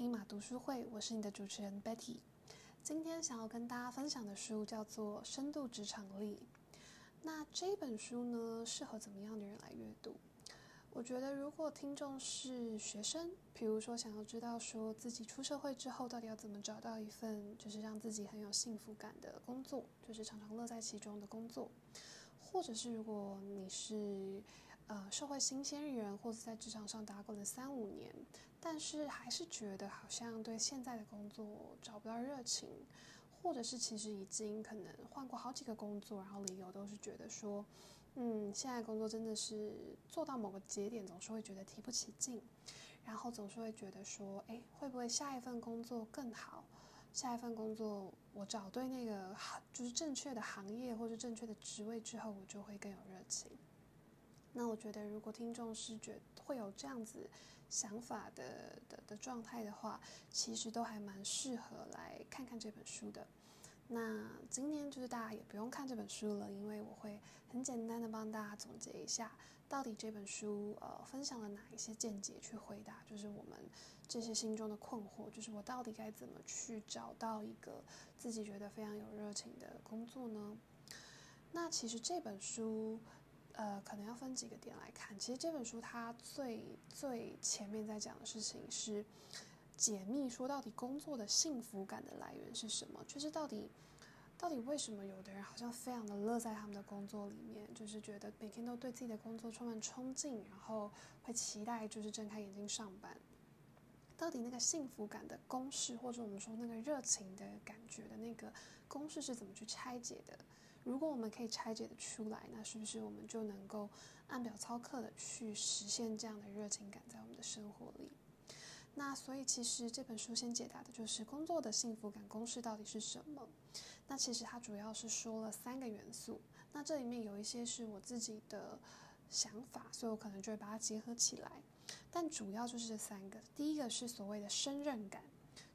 黑馬讀書會，我是你的主持人 Betty。今天想要跟大家分享的書叫做《深度職場力》。那這本書呢，適合怎麼樣的人來閱讀？我覺得，如果聽眾是學生，比如說想要知道說自己出社會之後到底要怎麼找到一份就是讓自己很有幸福感的工作，就是常常樂在其中的工作，或者是如果你是呃，社會新鮮人，或是在職場上打滾了三五年，但是還是覺得好像對現在的工作找不到熱情，或者是其實已經可能換過好幾個工作，然後理由都是覺得說，嗯，現在工作真的是做到某個節點，總是會覺得提不起勁，然後總是會覺得說，哎，會不會下一份工作更好？下一份工作我找對那個就是正確的行業或者正確的職位之後，我就會更有熱情。那我覺得，如果聽眾是覺得會有這樣子想法的的的狀態的話，其實都還蠻適合來看看這本書的。那今天就是大家也不用看這本書了，因為我會很簡單的幫大家總結一下，到底這本書呃分享了哪一些見解去回答，就是我們這些心中的困惑，就是我到底該怎麼去找到一個自己覺得非常有熱情的工作呢？那其實這本書。呃，可能要分幾個點來看。其實這本書它最最前面在講的事情是解密，說到底工作的幸福感的來源是什麼？就是到底到底為什麼有的人好像非常的樂在他們的工作裡面，就是覺得每天都對自己的工作充滿衝勁，然後會期待就是睜開眼睛上班。到底那個幸福感的公式，或者我們說那個熱情的感覺的那個公式是怎麼去拆解的？如果我們可以拆解的出來，那是不是我們就能夠按表操課的去實現這樣的熱情感在我們的生活裡？那所以其實這本書先解答的就是工作的幸福感公式到底是什麼？那其實它主要是說了三個元素。那這裡面有一些是我自己的想法，所以我可能就會把它結合起來。但主要就是這三個。第一個是所謂的勝任感，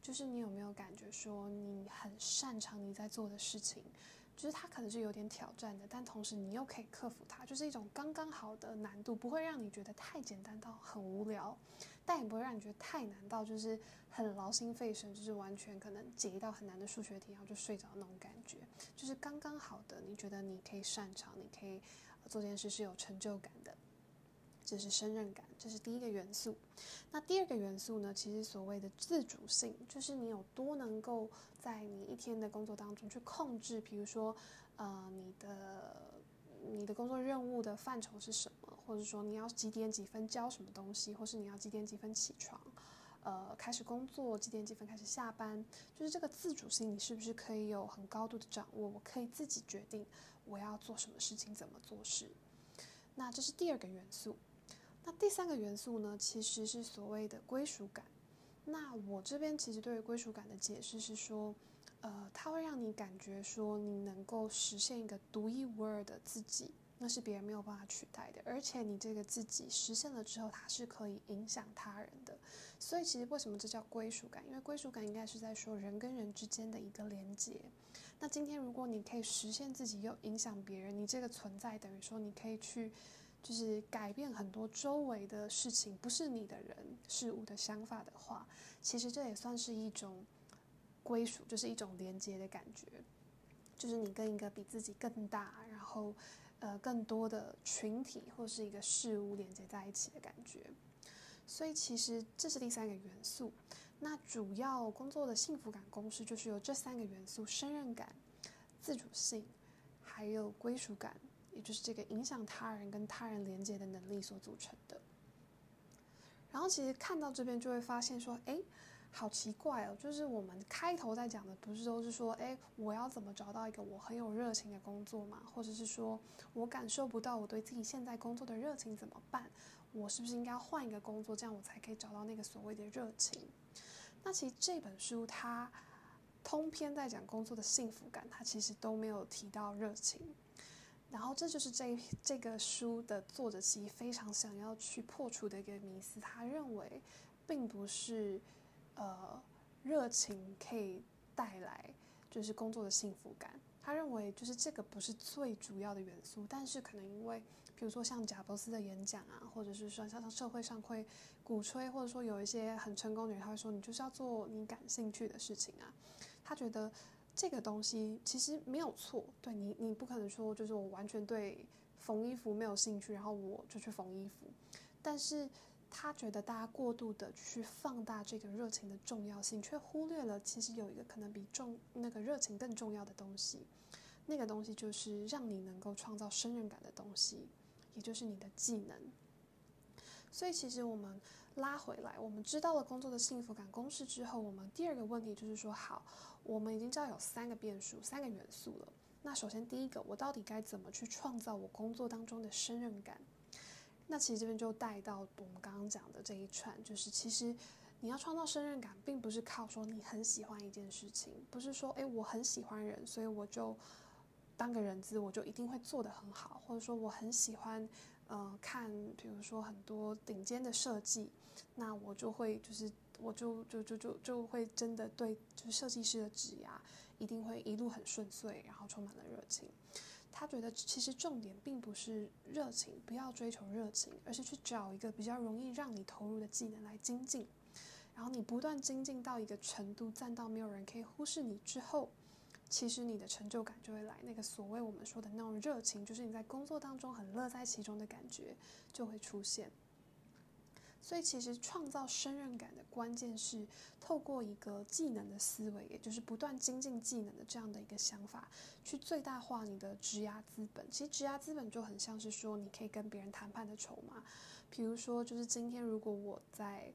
就是你有沒有感覺說你很擅長你在做的事情。其實它可能是有點挑戰的，但同時你又可以克服它，就是一種剛剛好的難度，不會讓你覺得太簡單到很無聊，但也不會讓你覺得太難到就是很勞心費神，就是完全可能解一道很難的數學題然後就睡着那種感覺，就是剛剛好的，你覺得你可以擅長，你可以做這件事是有成就感的。這是勝任感，這是第一個元素。那第二個元素呢？其實所謂的自主性，就是你有多能夠在你一天的工作當中去控制，比如說，呃，你的你的工作任務的範疇是什麼，或者說你要幾點幾分交什麼東西，或是你要幾點幾分起床，呃，開始工作，幾點幾分開始下班，就是這個自主性，你是不是可以有很高度的掌握？我可以自己決定我要做什麼事情，怎麼做事。那這是第二個元素。那第三個元素呢，其實是所謂的歸屬感。那我這邊其實對於歸屬感的解釋是說，呃，它會讓你感覺說你能夠實現一個獨一無二的自己，那是別人沒有辦法取代的。而且你這個自己實現了之後，它是可以影響他人的。所以其實為什麼這叫歸屬感？因為歸屬感應該是在說人跟人之間的一個連接。那今天如果你可以實現自己又影響別人，你這個存在等於說你可以去。就是改變很多周圍的事情，不是你的人事物的想法的話，其實這也算是一種歸屬，就是一種連接的感覺，就是你跟一個比自己更大，然後呃更多的群體或是一個事物連接在一起的感覺。所以其實這是第三個元素。那主要工作的幸福感公式就是有這三個元素：勝任感、自主性，還有歸屬感。也就是這個影響他人跟他人連接的能力所組成的，然後其實看到這邊就會發現說，誒，好奇怪哦！就是我們開頭在講的，不是都是說，誒，我要怎麼找到一個我很有熱情的工作嗎？或者是說我感受不到我對自己現在工作的熱情怎麼辦？我是不是應該換一個工作，這樣我才可以找到那個所謂的熱情？那其實這本書它通篇在講工作的幸福感，它其實都沒有提到熱情。然後這就是這這個書的作者之一非常想要去破除的一個迷思。他認為，並不是呃熱情可以帶來就是工作的幸福感。他認為就是這個不是最主要的元素，但是可能因為比如說像賈伯斯的演講啊，或者是說像社會上會鼓吹，或者說有一些很成功的人他會說，你就是要做你感興趣的事情啊。他覺得。這個東西其實沒有錯，對你，你不可能說就是我完全對縫衣服沒有興趣，然後我就去縫衣服。但是他覺得大家過度的去放大這個熱情的重要性，卻忽略了其實有一個可能比重那個熱情更重要的東西，那個東西就是讓你能夠創造勝任感的東西，也就是你的技能。所以其實我們拉回來，我們知道了工作的幸福感公式之後，我們第二個問題就是說好。我們已經知道有三個變數，三個元素了。那首先第一個，我到底該怎麼去創造我工作當中的勝任感？那其實這邊就帶到我們剛剛講的這一串，就是其實你要創造勝任感，並不是靠說你很喜歡一件事情，不是說，誒，我很喜歡人，所以我就當個人資，我就一定會做得很好，或者說我很喜歡，呃，看，比如說很多頂尖的設計，那我就會就是。我就就就就就會真的對，就是設計師的職涯一定會一路很順遂，然後充滿了熱情。他覺得其實重點並不是熱情，不要追求熱情，而是去找一個比較容易讓你投入的技能來精進。然後你不斷精進到一個程度，站到沒有人可以忽視你之後，其實你的成就感就會來。那個所謂我們說的那種熱情，就是你在工作當中很樂在其中的感覺就會出現。所以，其實創造勝任感的關鍵是透過一個技能的思維，也就是不斷精進技能的這樣的一個想法，去最大化你的職涯資本。其實，職涯資本就很像是說你可以跟別人談判的籌碼。比如說，就是今天如果我在。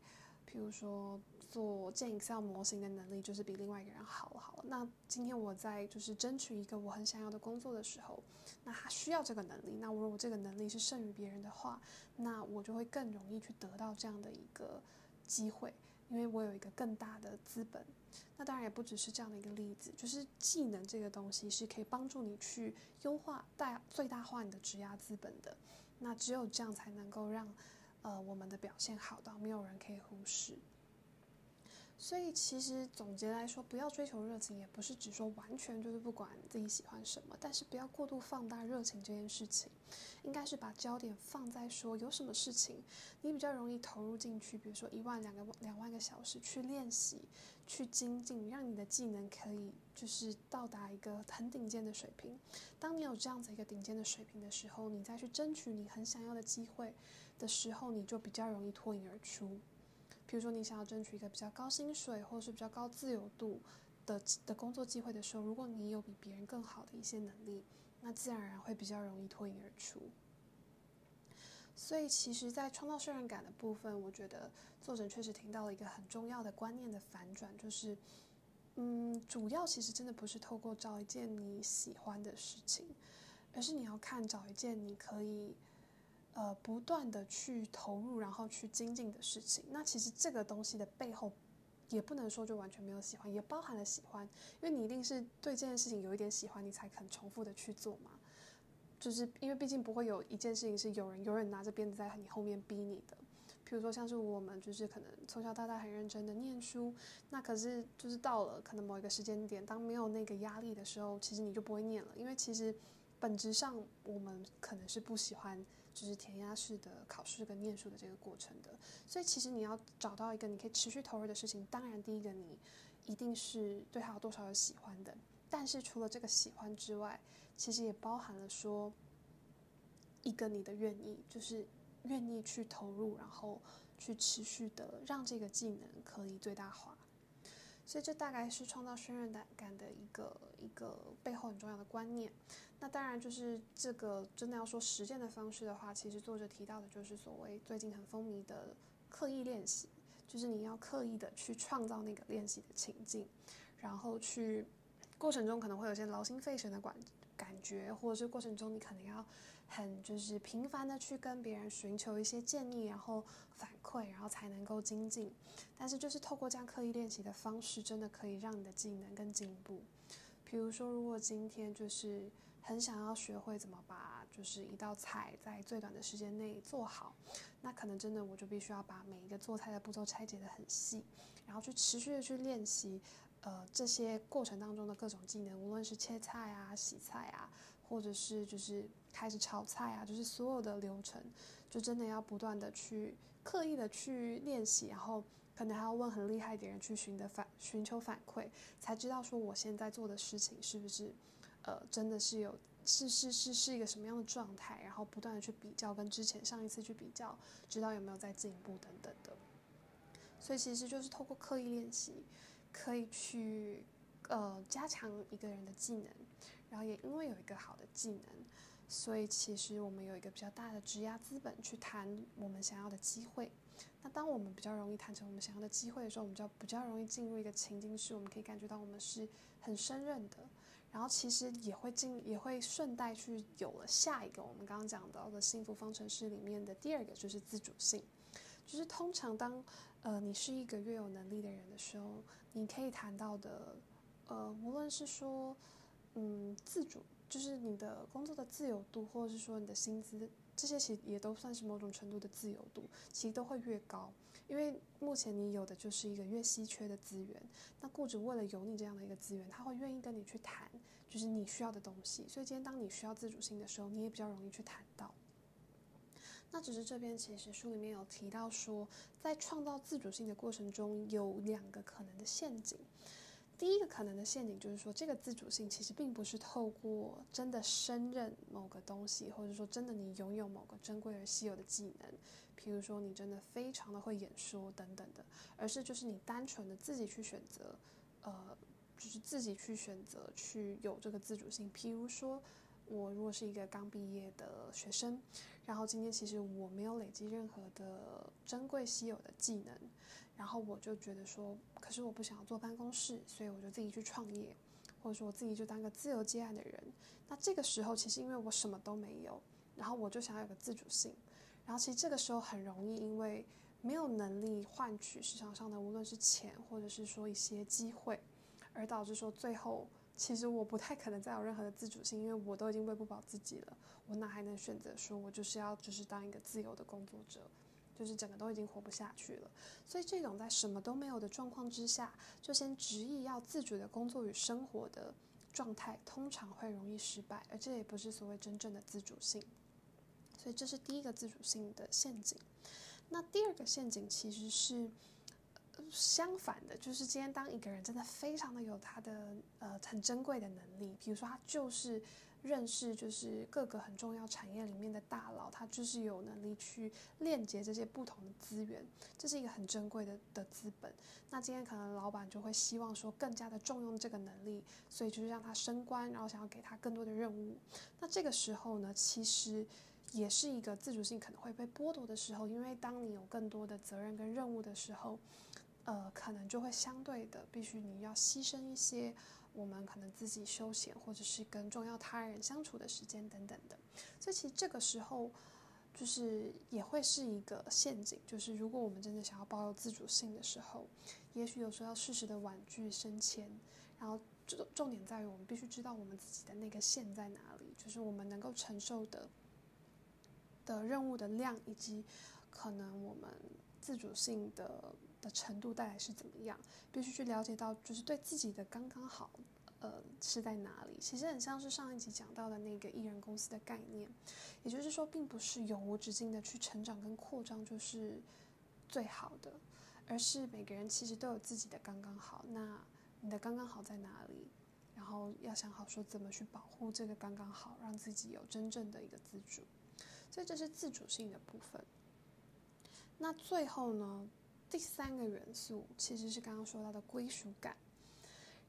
比如說，做建 Excel 模型的能力就是比另外一個人好了。好了，那今天我在就是爭取一個我很想要的工作的時候，那他需要這個能力，那我如果這個能力是勝於別人的話，那我就會更容易去得到這樣的一個機會，因為我有一個更大的資本。那當然也不只是這樣的一個例子，就是技能這個東西是可以幫助你去優化大最大化你的職涯資本的。那只有這樣才能夠讓呃，我們的表現好到沒有人可以忽視。所以，其實總結來說，不要追求熱情，也不是只說完全就是不管自己喜歡什麼，但是不要過度放大熱情這件事情，應該是把焦點放在說有什麼事情你比較容易投入進去，比如說一萬、兩個兩萬個小時去練習、去精進，讓你的技能可以就是到達一個很頂尖的水平。當你有這樣子一個頂尖的水平的時候，你再去爭取你很想要的機會的時候，你就比較容易脫穎而出。比如說，你想要爭取一個比較高薪水或者是比較高自由度的的工作機會的時候，如果你有比別人更好的一些能力，那自然而然會比較容易脫穎而出。所以，其實，在創造勝任感的部分，我覺得作者確實提到了一個很重要的觀念的反轉，就是，嗯，主要其實真的不是透過找一件你喜歡的事情，而是你要看找一件你可以。呃，不斷的去投入，然後去精進的事情，那其實這個東西的背後，也不能說就完全沒有喜歡，也包含了喜歡，因為你一定是對這件事情有一點喜歡，你才肯重複的去做嘛。就是因為畢竟不會有一件事情是有人有人拿着鞭子在你後面逼你的，譬如說像是我們就是可能從小到大很認真的念書，那可是就是到了可能某一個時間點，當沒有那個壓力的時候，其實你就不會念了，因為其實本質上我們可能是不喜歡。就是填鴨式的考試跟念書的這個過程的，所以其實你要找到一個你可以持續投入的事情。當然，第一個你一定是對他有多少有喜歡的，但是除了這個喜歡之外，其實也包含了說一個你的願意，就是願意去投入，然後去持續的讓這個技能可以最大化。所以這大概是創造勝任感的一個一個背後很重要的觀念。那當然，就是這個真的要說實踐的方式的話，其實作者提到的就是所謂最近很風靡的刻意練習，就是你要刻意的去創造那個練習的情境，然後去過程中可能會有些勞心費神的感感覺，或者是過程中你可能要很就是頻繁的去跟別人尋求一些建議，然後反饋，然後才能夠精進。但是就是透過這樣刻意練習的方式，真的可以讓你的技能更進一步。比如說，如果今天就是。很想要學會怎麼把就是一道菜在最短的時間內做好，那可能真的我就必須要把每一個做菜的步驟拆解得很細，然後去持續的去練習，呃，這些過程當中的各種技能，無論是切菜啊、洗菜啊，或者是就是開始炒菜啊，就是所有的流程，就真的要不斷的去刻意的去練習，然後可能還要問很厲害的人去尋得反，尋求反饋，才知道說我現在做的事情是不是。呃，真的是有是是是是一個什麼樣的狀態，然後不斷的去比較跟之前上一次去比較，知道有沒有在進步等等的。所以其實就是透過刻意練習，可以去呃加強一個人的技能，然後也因為有一個好的技能，所以其實我們有一個比較大的職涯資本去談我們想要的機會。那當我們比較容易談成我們想要的機會的時候，我們就比,比較容易進入一個情境，是我們可以感覺到我們是很勝任的。然後其實也會進，也會順帶去有了下一個。我們剛剛講到的幸福方程式裡面的第二個就是自主性，就是通常當呃你是一個越有能力的人的時候，你可以談到的呃無論是說嗯自主，就是你的工作的自由度，或者是說你的薪資。這些其實也都算是某種程度的自由度，其實都會越高，因為目前你有的就是一個越稀缺的資源，那僱主為了有你這樣的一個資源，他會願意跟你去談，就是你需要的東西。所以今天當你需要自主性的時候，你也比較容易去談到。那只是這邊其實書裡面有提到說，在創造自主性的過程中，有兩個可能的陷阱。第一個可能的陷阱，就是說，這個自主性其實並不是透過真的勝任某個東西，或者說真的你擁有某個珍貴而稀有的技能，譬如說你真的非常的會演說等等的，而是就是你單純的自己去選擇，呃，就是自己去選擇去有這個自主性，譬如說。我如果是一個剛畢業的學生，然後今天其實我沒有累積任何的珍貴稀有的技能，然後我就覺得說，可是我不想要坐辦公室，所以我就自己去創業，或者說我自己就當個自由接案的人。那這個時候其實因為我什麼都沒有，然後我就想要有個自主性，然後其實這個時候很容易因為沒有能力換取市場上的無論是錢或者是說一些機會，而導致說最後。其實我不太可能再有任何的自主性，因為我都已經餵不飽自己了，我哪還能選擇說，我就是要就是當一個自由的工作者，就是整個都已經活不下去了。所以這種在什麼都沒有的狀況之下，就先執意要自主的工作與生活的狀態，通常會容易失敗，而這也不是所謂真正的自主性。所以這是第一個自主性的陷阱。那第二個陷阱其實是，相反的，就是今天當一個人真的非常的有他的呃很珍貴的能力，比如說他就是認識就是各個很重要產業裡面的大佬，他就是有能力去鏈接這些不同的資源，這是一個很珍貴的的資本。那今天可能老闆就會希望說更加的重用這個能力，所以就是讓他升官，然後想要給他更多的任務。那這個時候呢，其實也是一個自主性可能會被剝奪的時候，因為當你有更多的責任跟任務的時候。呃，可能就會相對的，必須你要犧牲一些我們可能自己休閒或者是跟重要他人相處的時間等等的。所以其實這個時候，就是也會是一個陷阱，就是如果我們真的想要抱有自主性的時候，也許有時候要適時的婉拒升遷。然後重重點在於我們必須知道我們自己的那個線在哪裡，就是我們能夠承受的的任務的量以及可能我們。自主性的的程度帶來是怎麼樣？必須去了解到，就是對自己的剛剛好，呃，是在哪裡？其實很像是上一集講到的那個藝人公司的概念，也就是說，並不是永無止境的去成長跟擴張就是最好的，而是每個人其實都有自己的剛剛好。那你的剛剛好在哪裡？然後要想好說怎麼去保護這個剛剛好，讓自己有真正的一個自主。所以這是自主性的部分。那最後呢，第三個元素其實是剛剛說到的歸屬感，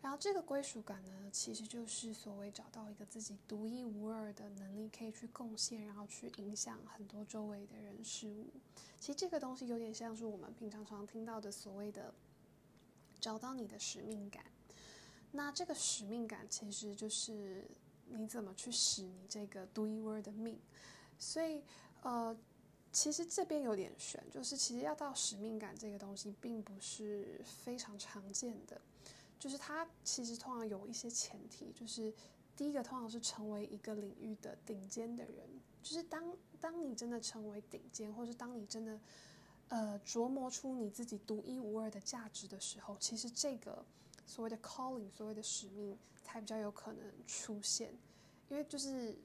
然後這個歸屬感呢，其實就是所謂找到一個自己獨一無二的能力，可以去貢獻，然後去影響很多周圍的人事物。其實這個東西有點像是我們平常常聽到的所謂的找到你的使命感。那這個使命感其實就是你怎麼去使你這個獨一無二的命。所以，呃。其實這邊有點懸，就是其實要到使命感這個東西並不是非常常見的，就是它其實通常有一些前提，就是第一個通常是成為一個領域的頂尖的人，就是當當你真的成為頂尖，或是當你真的呃琢磨出你自己獨一無二的價值的時候，其實這個所謂的 calling，所謂的使命才比較有可能出現，因為就是。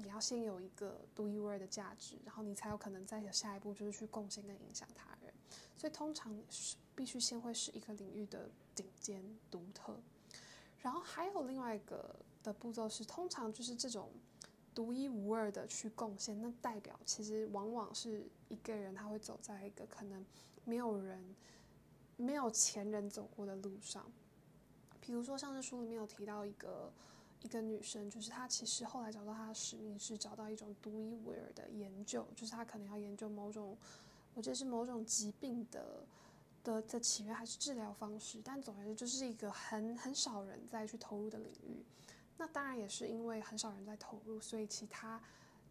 你要先有一個獨一無二的價值，然後你才有可能再有下一步，就是去貢獻跟影響他人。所以通常是必須先會是一個領域的頂尖獨特。然後還有另外一個的步驟是，通常就是這種獨一無二的去貢獻，那代表其實往往是一個人他會走在一個可能沒有人、沒有前人走過的路上。比如說，上次書裡面有提到一個。一個女生，就是她其實後來找到她的使命是找到一種獨一無二的研究，就是她可能要研究某種，我覺得是某種疾病的的的起源還是治療方式，但總而言之就是一個很很少人在去投入的領域，那當然也是因為很少人在投入，所以其他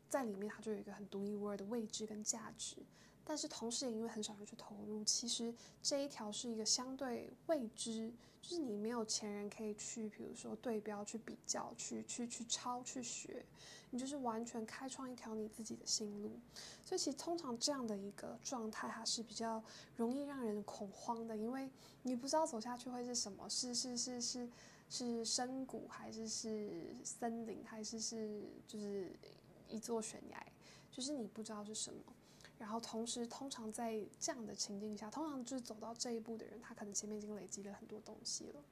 在裡面它就有一個很獨一無二的位置跟價值。但是同時也因為很少人去投入，其實這一條是一個相對未知，就是你沒有前人可以去，比如說對標去比較，去去去抄去學，你就是完全開創一條你自己的新路。所以其實通常這樣的一個狀態，它是比較容易讓人恐慌的，因為你不知道走下去會是什麼，是，是是是是是深谷，還是是森林，還是是就是一座懸崖，就是你不知道是什麼。然後同時，通常在這樣的情境下，通常就是走到這一步的人，他可能前面已經累積了很多東西了，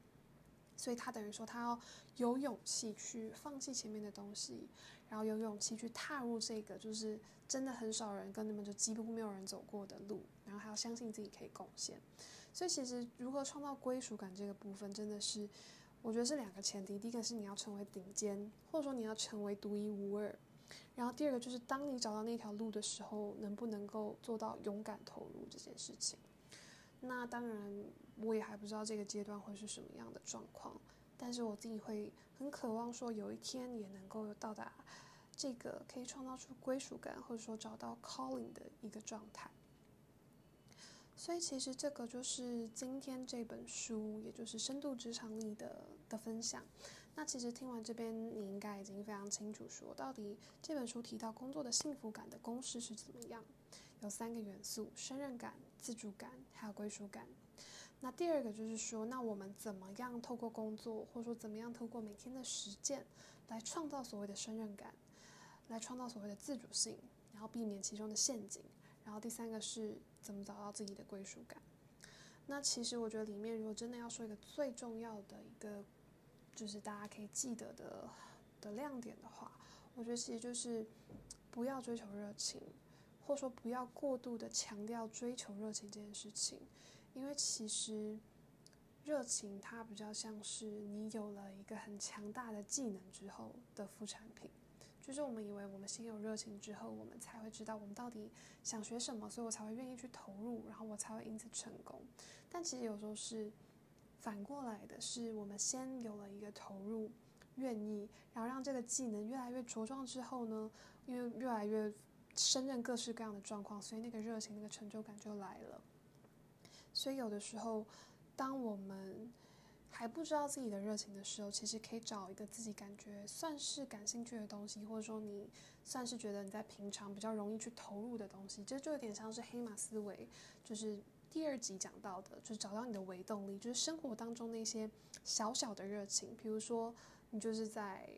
所以他等於說，他要有勇氣去放棄前面的東西，然後有勇氣去踏入這個就是真的很少人跟你們就幾乎沒有人走過的路，然後還要相信自己可以貢獻。所以其實如何創造歸屬感這個部分，真的是我覺得是兩個前提，第一個是你要成為頂尖，或者說你要成為獨一無二。然後第二個就是，當你找到那條路的時候，能不能夠做到勇敢投入這件事情？那當然，我也還不知道這個階段會是什麼樣的狀況。但是我自己會很渴望說，有一天也能夠到達這個可以創造出歸屬感，或者說找到 calling 的一個狀態。所以其實這個就是今天這本書，也就是《深度職場力》的的分享。那其實聽完這邊，你應該已經非常清楚說，到底這本書提到工作的幸福感的公式是怎麼樣？有三個元素：勝任感、自主感，還有歸屬感。那第二個就是說，那我們怎麼樣透過工作，或者說怎麼樣透過每天的實踐，來創造所謂的勝任感，來創造所謂的自主性，然後避免其中的陷阱。然後第三個是。怎麼找到自己的歸屬感？那其實我覺得裡面，如果真的要說一個最重要的一個，就是大家可以記得的的亮點的話，我覺得其實就是不要追求熱情，或說不要過度的強調追求熱情這件事情，因為其實熱情它比較像是你有了一個很強大的技能之後的副產品。就是我們以為我們先有熱情之後，我們才會知道我們到底想學什麼，所以我才會願意去投入，然後我才會因此成功。但其實有時候是反過來的，是我們先有了一個投入、願意，然後讓這個技能越來越茁壯之後呢，因為越來越勝任各式各樣的狀況，所以那個熱情、那個成就感就來了。所以有的時候，當我們，還不知道自己的熱情的時候，其實可以找一個自己感覺算是感興趣的東西，或者說你算是覺得你在平常比較容易去投入的東西，這就，就有點像是黑馬思維，就是第二集講到的，就是找到你的微動力，就是生活當中那些小小的熱情，比如說你就是在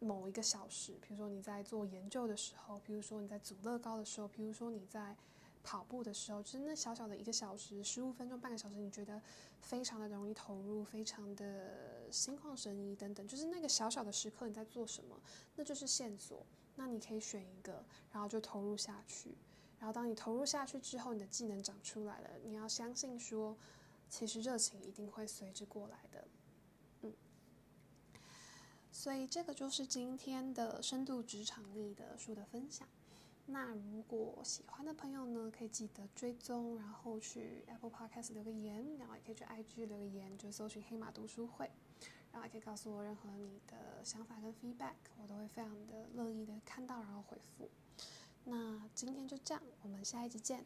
某一個小時，比如說你在做研究的時候，比如說你在組樂高的時候，比如說你在。跑步的時候，就是那小小的一個小時、十五分鐘、半個小時，你覺得非常的容易投入，非常的心曠神怡等等，就是那個小小的時刻你在做什麼，那就是線索。那你可以選一個，然後就投入下去。然後當你投入下去之後，你的技能長出來了，你要相信說，其實熱情一定會隨之過來的。嗯。所以這個就是今天的深度職場力的書的分享。那如果喜歡的朋友呢，可以記得追蹤，然後去 Apple Podcast 留個言，然後也可以去 IG 留個言，就是搜尋黑馬讀書會，然後也可以告訴我任何你的想法跟 feedback，我都會非常的樂意的看到，然後回復。那今天就這樣，我們下一集見。